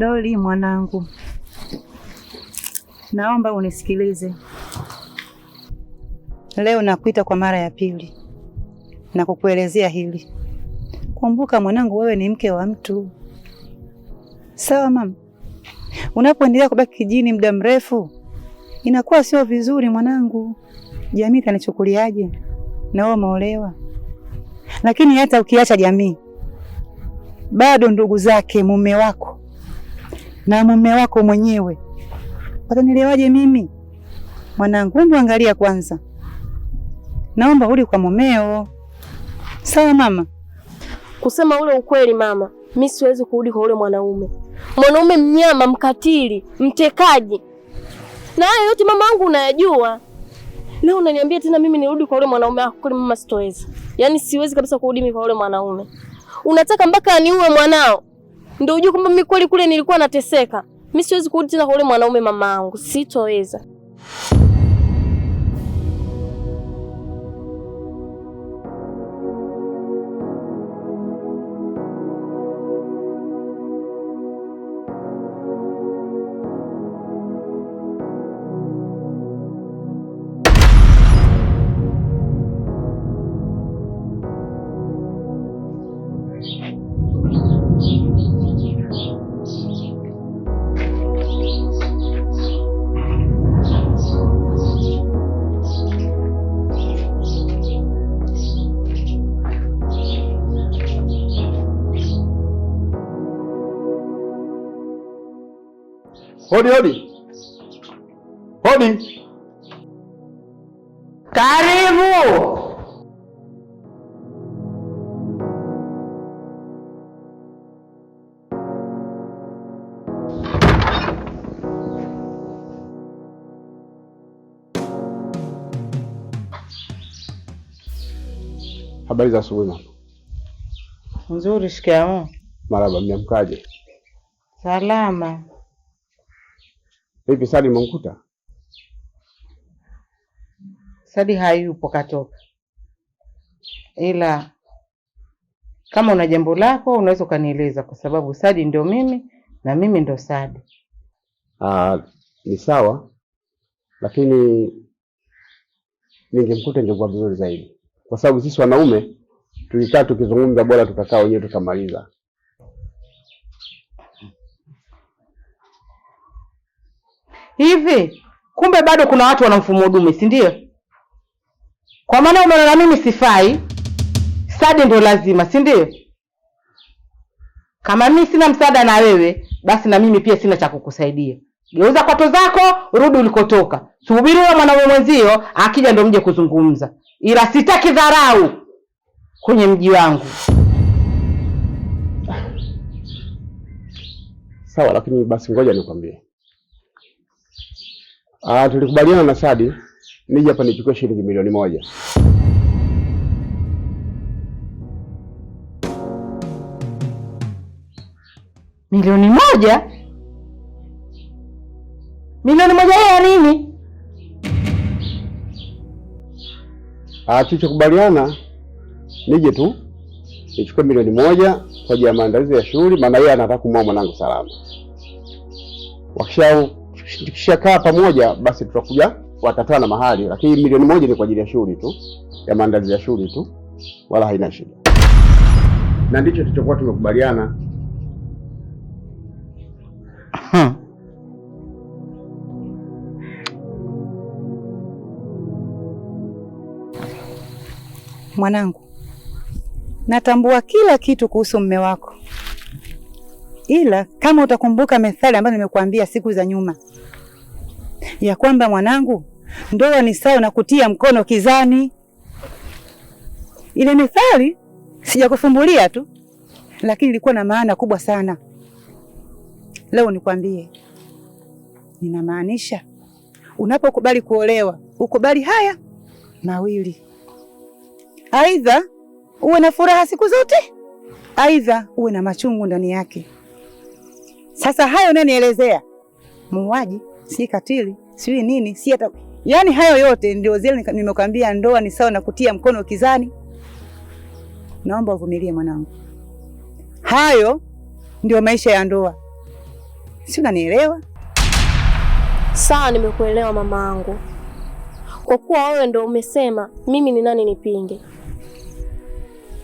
Doli mwanangu, naomba unisikilize. Leo nakuita kwa mara ya pili na kukuelezea hili. Kumbuka mwanangu, wewe ni mke wa mtu. Sawa mama, unapoendelea kubaki kijini muda mrefu inakuwa sio vizuri mwanangu, jamii itanichukuliaje? Na wewe umeolewa, lakini hata ukiacha jamii, bado ndugu zake mume wako na mume wako mwenyewe. Watanielewaje mimi? Mwanangu, hebu angalia kwanza, naomba uli kwa mumeo. Sawa mama? Kusema ule ukweli mama, mi siwezi kurudi kwa ule mwanaume, mwanaume mnyama, mkatili, mtekaji, na haya yote mama wangu unayajua. Leo unaniambia tena mimi nirudi kwa ule mwanaume wako? Kweli mama, sitoweza. Yaani siwezi kabisa kurudi mimi kwa ule mwanaume. Unataka mpaka aniue mwanao? ndio ujue kwamba mimi kweli kule nilikuwa nateseka. Mimi siwezi kurudi tena kwa yule mwanaume mama yangu, sitoweza. Hodi hodi hodi, karibu. Habari za asubuhi mama. Nzuri, shikamoo. Marhaba, mmeamkaje? Salama. Hivi Sadi umemkuta? Sadi hayupo, katoka, ila kama una jambo lako unaweza ukanieleza, kwa sababu Sadi ndio mimi na mimi ndo Sadi. Ah, ni sawa, lakini ningemkuta ingekuwa vizuri zaidi, kwa sababu sisi wanaume tulikaa tukizungumza, bora tukakaa wenyewe tukamaliza. Hivi kumbe bado kuna watu wana mfumo dume, si ndio? Kwa maana umeona mimi sifai, sadi ndio lazima, si ndio? Kama mimi sina msaada na wewe, basi na mimi pia sina cha kukusaidia. Geuza kwato zako, rudi ulikotoka. Subiri huyo mwanaume mwenzio akija, ndio mje kuzungumza, ila sitaki dharau kwenye mji wangu. Sawa, lakini basi ngoja nikwambie Ah, tulikubaliana na Sadi nije hapa nichukue shilingi milioni moja. Milioni moja? Milioni moja ya nini? Ah, tulichokubaliana nije tu nichukue milioni moja kwa ajili ya maandalizi ya shughuli, maana yeye anataka kumwoa mwanangu salama. Wakisha tukishakaa pamoja, basi tutakuja watatana mahali, lakini milioni moja ni kwa ajili ya shughuli tu ya maandalizi ya shughuli tu, wala haina shida, na ndicho tulichokuwa tumekubaliana. Mwanangu, natambua kila kitu kuhusu mme wako ila kama utakumbuka methali ambayo nimekuambia siku za nyuma ya kwamba mwanangu, ndoa ni sawa na kutia mkono kizani. Ile methali sijakufumbulia tu, lakini ilikuwa na maana kubwa sana. Leo nikwambie, ninamaanisha unapokubali kuolewa ukubali haya mawili, aidha uwe na furaha siku zote, aidha uwe na machungu ndani yake. Sasa hayo unanielezea muuaji, si katili, sijui nini, si hata yaani, hayo yote ndio zile nimekwambia, ndoa ni sawa na kutia mkono kizani. Naomba uvumilie mwanangu, hayo ndio maisha ya ndoa, si unanielewa? Sawa, nimekuelewa angu Kwa kuwa wewe ndo umesema, mimi ni nani nipinge?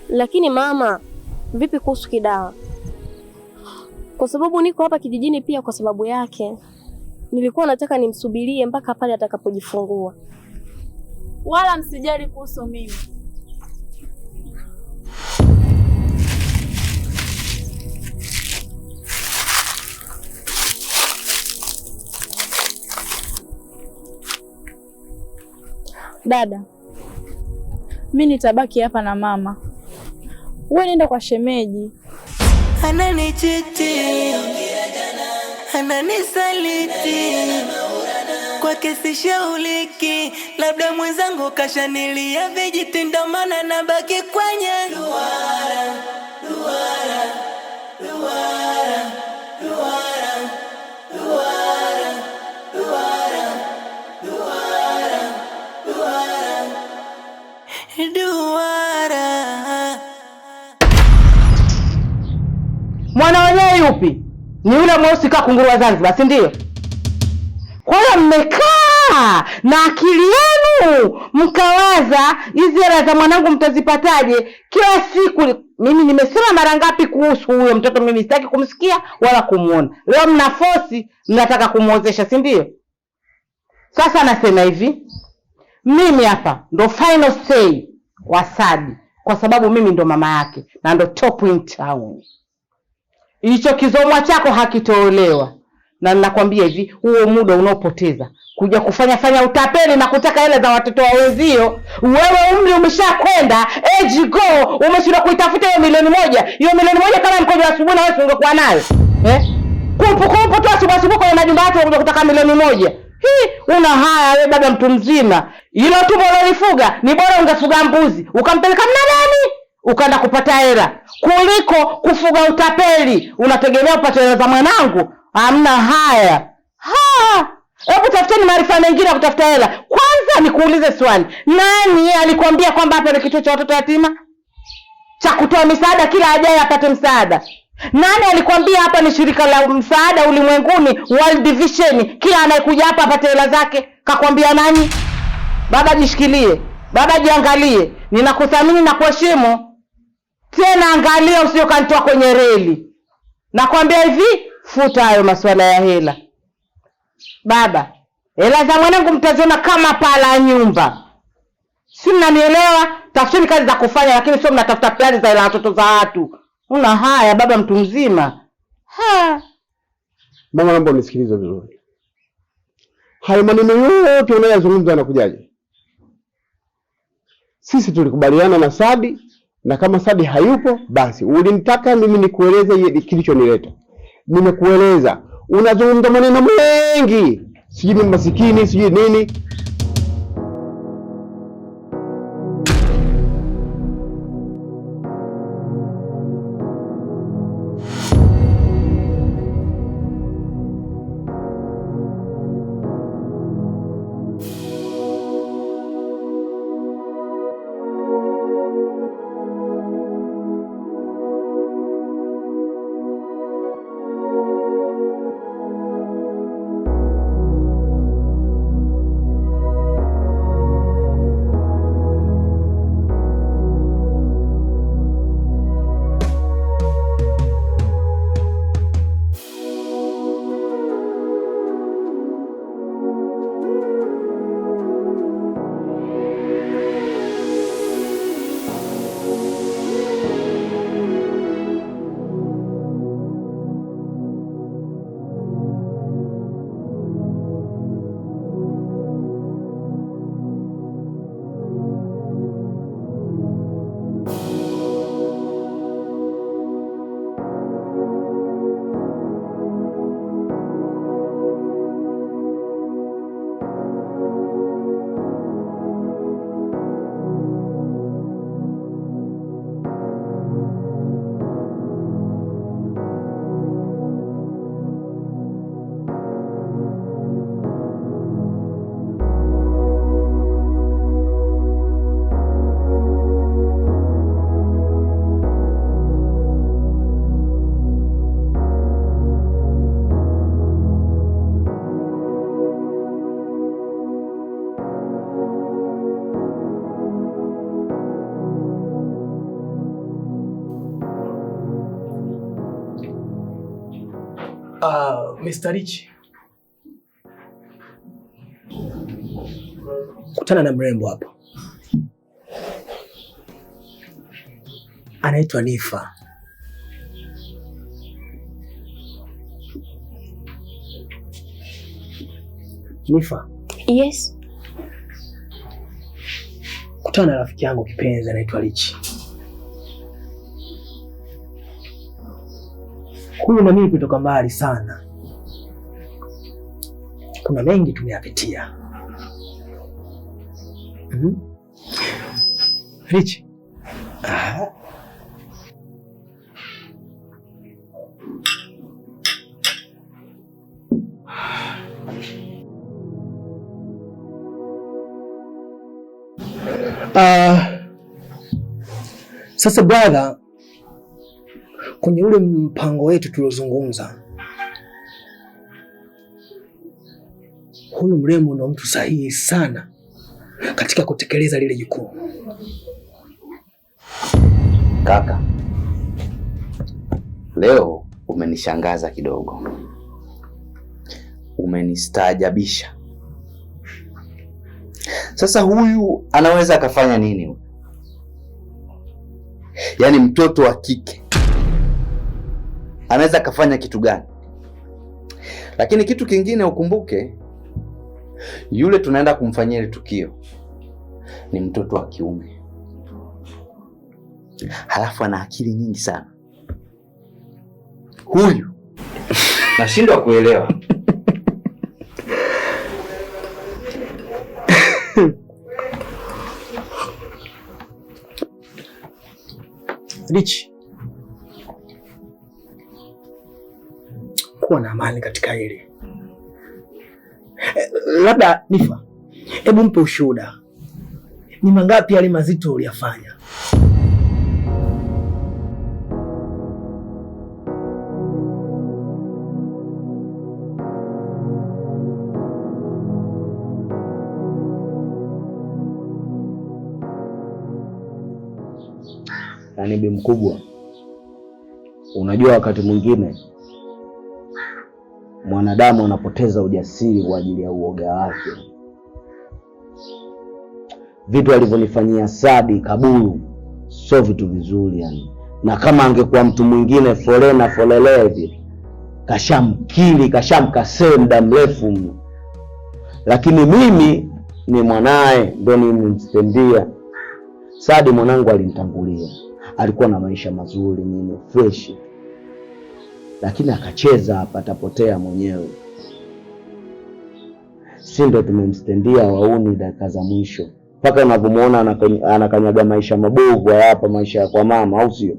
Lakini mama, vipi kuhusu Kidawa? Kwa sababu niko hapa kijijini pia kwa sababu yake. Nilikuwa nataka nimsubirie mpaka pale atakapojifungua. Wala msijali kuhusu mimi. Dada, mimi nitabaki hapa na mama. Wewe nenda kwa shemeji ananichitia, ananisaliti, kwake sishauliki, labda mwenzangu kashanilia vijitindomana nabaki kwenye yupi? Ni yule mweusi kaa kunguru wa Zanzibar, si ndio? Kwa hiyo mmekaa na akili yenu mkawaza, hizi hela za mwanangu mtazipataje? Kila siku mimi nimesema mara ngapi kuhusu huyo mtoto? Mimi sitaki kumsikia wala kumwona. Leo mna fosi, mnataka kumwozesha, si ndio? Sasa nasema hivi, mimi hapa ndo final say kwa sababu mimi ndo mama yake na ndo top in town hicho kizomwa chako hakitolewa. Na ninakwambia hivi, huo muda unaopoteza kuja kufanya fanya utapeli na kutaka hela za watoto wa wenzio, wewe umri umeshakwenda age go, umeshindwa kuitafuta hiyo milioni moja. Hiyo milioni moja kama mkojo wa asubuhi na wewe ungekuwa nayo eh? Kupu kupu tu asubuhi asubuhi kwa majumba yako unakuja kutaka milioni moja. hi, una haya wewe, baba mtu mzima, hilo tumbo ulolifuga ni bora ungefuga mbuzi ukampeleka mnadani ukaenda kupata hela kuliko kufuga utapeli. Unategemea upate hela za mwanangu? amna haya ha! Hebu tafuteni maarifa mengine ya kutafuta hela. Kwanza nikuulize swali, nani alikwambia kwamba hapa ni kituo cha watoto yatima cha kutoa misaada, kila ajaye apate msaada? Nani alikwambia hapa ni shirika la msaada ulimwenguni, World Vision, kila anayekuja hapa apate hela zake? Kakwambia nani? Baba jishikilie, baba jiangalie. Ninakuthamini na kuheshimu, tena angalia usije ukanitoa kwenye reli. Nakwambia hivi, futa hayo masuala ya hela baba. Hela za mwanangu mtaziona kama pala nyumba, si mnanielewa? Tafuteni kazi za kufanya, lakini sio mnatafuta plani za hela watoto za watu. Una haya baba, mtu mzima. Ha, mama, naomba unisikilize vizuri. Hayo maneno yote unayozungumza yanakujaje? Sisi tulikubaliana na Sadi na kama Sadi hayupo basi, ulimtaka mimi nikueleze kilichonileta. Nimekueleza, unazungumza maneno mengi, sijui ni masikini, sijui nini. Mr. Rich. Kutana na mrembo hapo anaitwa Nifa. Nifa. Yes. Kutana na rafiki yangu kipenzi anaitwa lichi Huyu na mimi kutoka mbali sana kuna mengi tumeyapitia. Mm -hmm. Rich. Aha. Uh, sasa brother, kwenye ule mpango wetu tuliozungumza huyu mrembo ndo mtu sahihi sana katika kutekeleza lile jukumu. Kaka, leo umenishangaza kidogo, umenistaajabisha. Sasa huyu anaweza akafanya nini Yaani mtoto wa kike anaweza akafanya kitu gani? Lakini kitu kingine ukumbuke yule tunaenda kumfanyia ile tukio ni mtoto wa kiume, halafu ana akili nyingi sana huyu. Nashindwa kuelewa. Rich, kuwa na amani katika hili labda nifa, hebu mpe ushuhuda, ni mangapi yale mazito uliyafanya? bi mkubwa, unajua wakati mwingine mwanadamu anapoteza ujasiri kwa ajili ya uoga wake. Vitu alivyonifanyia Sadi Kaburu sio vitu vizuri yani, na kama angekuwa mtu mwingine forele Folelevi kashamkili kashamkasee muda mrefu mno, lakini mimi ni mwanaye, ndio nimemstendia. Sadi mwanangu alinitangulia, alikuwa na maisha mazuri, nini fresh lakini akacheza hapa, mwenyewe. Si ndo tumemstendia wauni dakika za mwisho, mpaka unavyomwona anakanyaga maisha mabovu hapa, maisha ya kwa mama, au sio?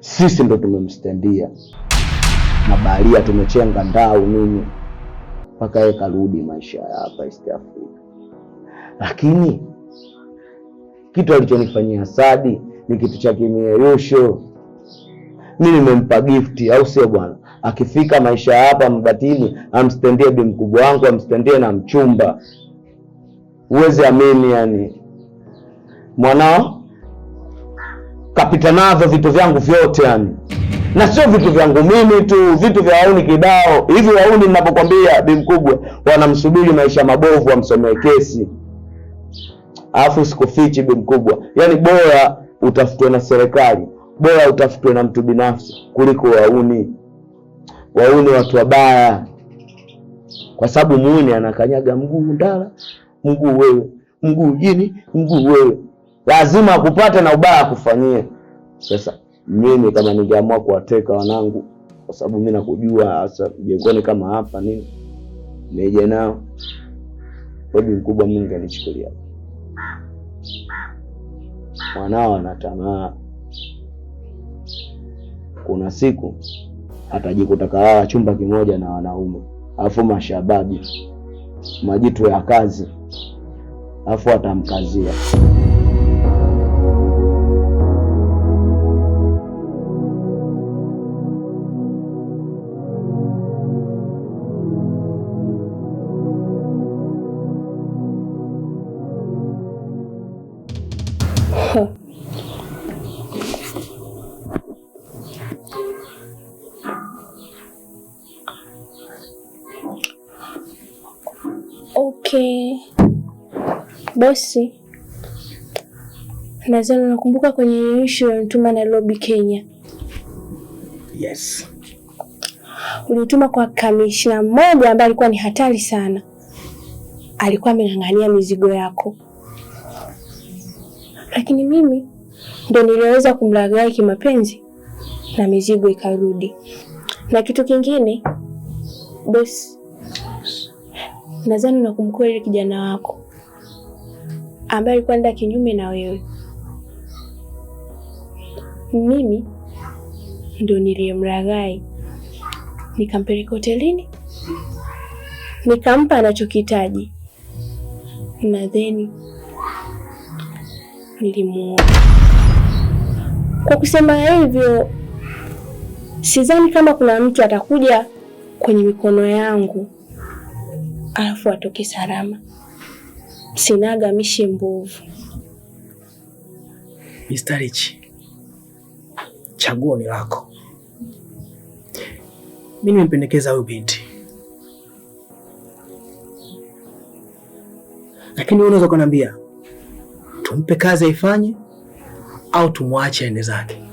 Sisi ndo tumemstendia mabaharia, tumechenga ndau nini, mpaka yeye karudi maisha ya hapa East Africa. Lakini kitu alichonifanyia Sadi ni kitu cha kimeyusho mi nimempa gifti, au sio bwana? Akifika maisha hapa mbatini, amstendie bi mkubwa wangu, amstendie na mchumba. Uweze amini, yani mwanao kapita navyo vitu vyangu vyote, yani na sio vitu vyangu mimi tu, vitu vya wauni kibao hivi. Wauni ninapokwambia, bi mkubwa wanamsubiri maisha mabovu, amsomee kesi, alafu sikufichi bi mkubwa, yani bora utafutwe na serikali bora utafutwe na mtu binafsi kuliko wauni. Wauni watu wabaya, kwa sababu muuni anakanyaga mguu ndala, mguu wewe, mguu jini, mguu wewe, lazima akupate na ubaya akufanyie. Sasa mimi kama ningeamua kuwateka wanangu, kwa sababu mi nakujua hasa jengoni kama hapa nini, nije nao kodi mkubwa, Mungu anichukulia mwanao anatamaa kuna siku atajikuta kalala chumba kimoja na wanaume, alafu mashababi majitu ya kazi, alafu atamkazia Okay. Basi nadhani nakumbuka kwenye ishu ya nituma Nairobi, Kenya. Yes. Ulituma kwa kamishna mmoja ambaye alikuwa ni hatari sana, alikuwa ameng'ang'ania mizigo yako, lakini mimi ndo niliweza kumlagai kimapenzi na mizigo ikarudi. Na kitu kingine bosi Nadhani unakumbuka ile kijana wako ambaye alikuwa nda kinyume na wewe. Mimi ndo niliyemraghai, nikampeleka hotelini, nikampa anachokitaji na theni nilimuoa. Kwa kusema hivyo, sidhani kama kuna mtu atakuja kwenye mikono yangu alafu atoke salama. Sinaga mishi mbovu. Mr. Rich, chaguo ni lako. Mimi nimependekeza huyu binti, lakini unaweza kuniambia tumpe kazi aifanye au tumwache aende zake?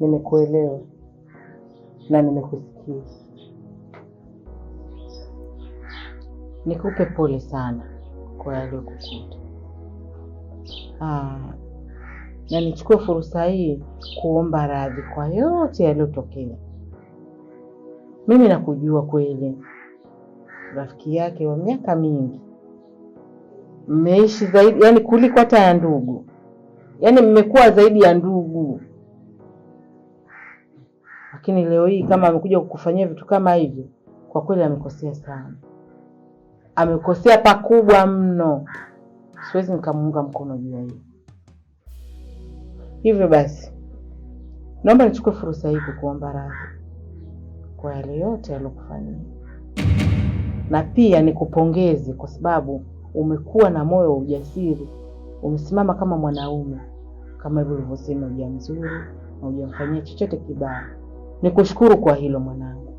nimekuelewa na nimekusikia. Nikupe pole sana kwa yaliyokukuta. Ah, na nichukue fursa hii kuomba radhi kwa yote yaliyotokea. Mimi nakujua kweli, rafiki yake wa miaka mingi, mmeishi zaidi yani kuliko hata ya ndugu, yani mmekuwa zaidi ya ndugu lakini leo hii kama amekuja kukufanyia vitu kama hivyo, kwa kweli amekosea sana, amekosea pakubwa mno. Siwezi nikamuunga mkono juu ya hiyo. Hivyo basi, naomba nichukue fursa hii kukuomba radhi kwa yale yote yaliyokufanyia, na pia nikupongeze kwa sababu umekuwa na moyo wa ujasiri, umesimama kama mwanaume, kama hivyo ulivyosema, uja mzuri na ujamfanyia chochote kibaya ni kushukuru kwa hilo mwanangu,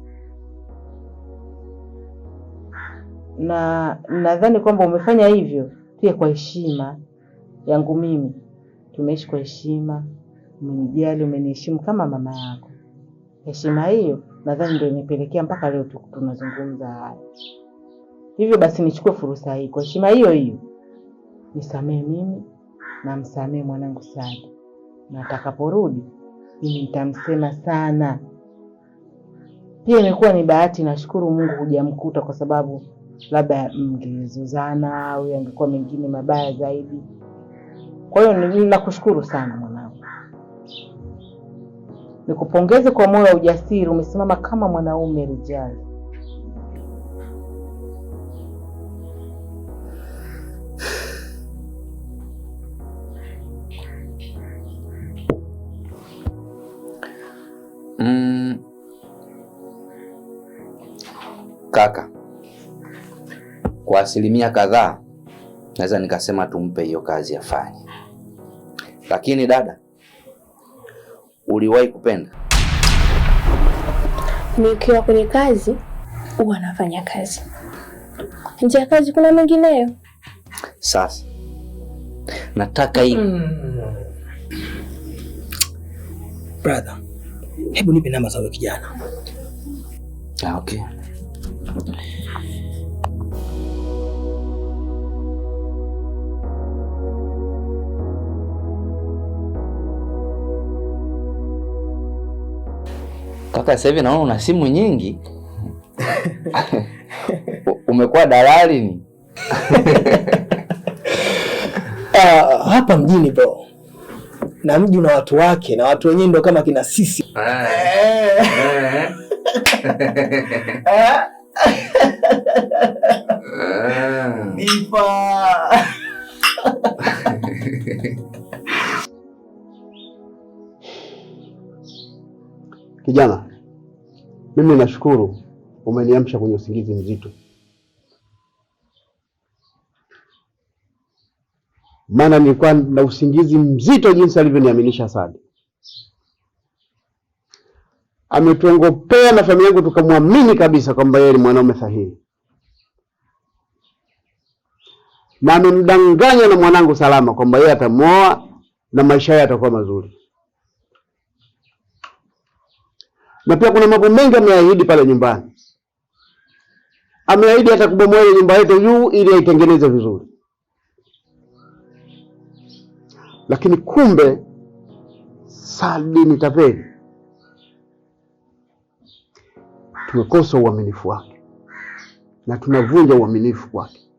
na nadhani kwamba umefanya hivyo pia kwa heshima yangu. Mimi tumeishi kwa heshima, umenijali, umeniheshimu kama mama yako. Heshima hiyo nadhani ndio imepelekea mpaka leo tunazungumza haya. Hivyo basi, nichukue fursa hii kwa heshima hiyo hiyo, nisamee mimi na msamee mwanangu Sadi, na atakaporudi mimi nitamsema sana pia imekuwa ni bahati, nashukuru Mungu hujamkuta, kwa sababu labda mngezozana au yangekuwa mengine mabaya zaidi. Kwa hiyo nakushukuru sana mwanangu, nikupongeze kwa moyo wa ujasiri, umesimama kama mwanaume Rijali. kwa asilimia kadhaa naweza nikasema tumpe hiyo kazi afanye. Lakini dada, uliwahi kupenda? Nikiwa kwenye kazi huwa nafanya kazi, nje ya kazi kuna mengineyo. Sasa nataka hii mm. Brother, hebu nipe namba za kijana. Ah, okay. Kaka, sasa hivi naona una simu nyingi umekuwa dalali ni uh, hapa mjini bro, na mji una watu wake na watu wenyewe ndio kama kina sisi eh. Eh. Eh. kijana mimi nashukuru umeniamsha kwenye usingizi mzito, maana nilikuwa na usingizi mzito jinsi alivyoniaminisha Sadi. Ametuongopea na familia yangu tukamwamini kabisa kwamba yeye ni mwanaume sahihi, na amemdanganya na mwanangu Salama kwamba yeye atamwoa na maisha yake yatakuwa mazuri. na pia kuna mambo mengi ameahidi pale nyumbani. Ameahidi hata kubomoa ile nyumba yetu juu ili aitengeneze vizuri, lakini kumbe Sadi ni tapeli. Tumekosa uaminifu wake na tunavunja uaminifu wake.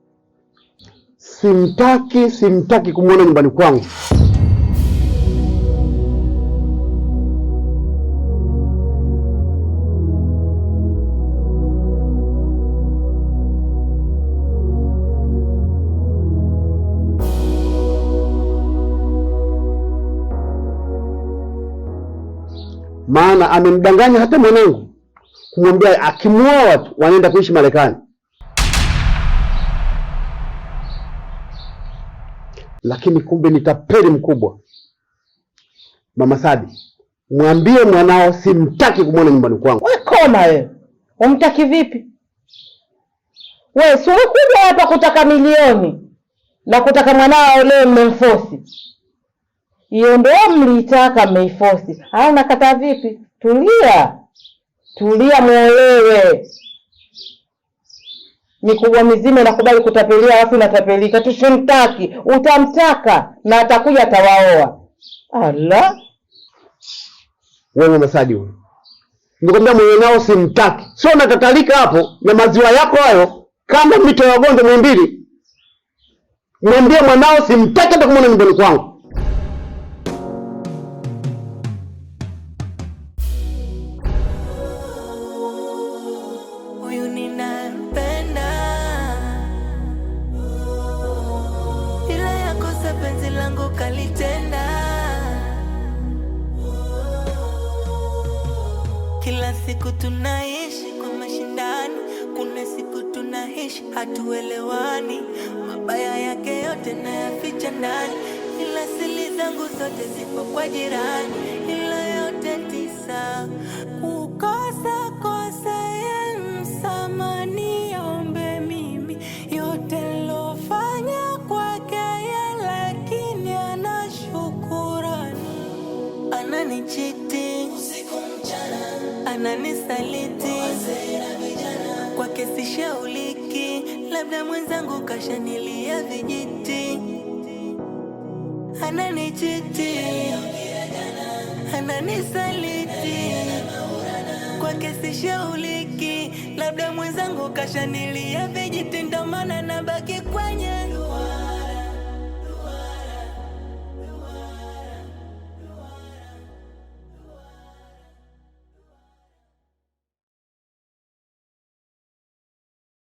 Simtaki, simtaki kumwona nyumbani kwangu. maana amemdanganya hata mwanangu kumwambia akimwoa watu wanaenda kuishi Marekani, lakini kumbe ni tapeli mkubwa. Mama Sadi, mwambie mwanao simtaki kumwona nyumbani kwangu. We koma wewe, umtaki vipi? We si ulikuja hapa kutaka milioni na kutaka mwanao leo mmemfosi hiyo ndio mliitaka mmeifosi. Haya, nakataa vipi? Tulia, tulia, mwelewe. Mikubwa mizima nakubali kutapelia, alafu inatapelika. Tusimtaki, utamtaka na atakuja atawaoa. Ala, wewe Masadi huyo nikwambia mwenye nao simtaki, sio natatalika hapo na maziwa yako hayo, kama mito ya wagonjwa mwimbili. Mwambie mwanao simtaki hata kumwona nyumbani kwangu. nishauliki, labda mwenzangu kashanilia vijiti, ananichiti, ananisaliti, kwake sishauliki, labda mwenzangu kashanilia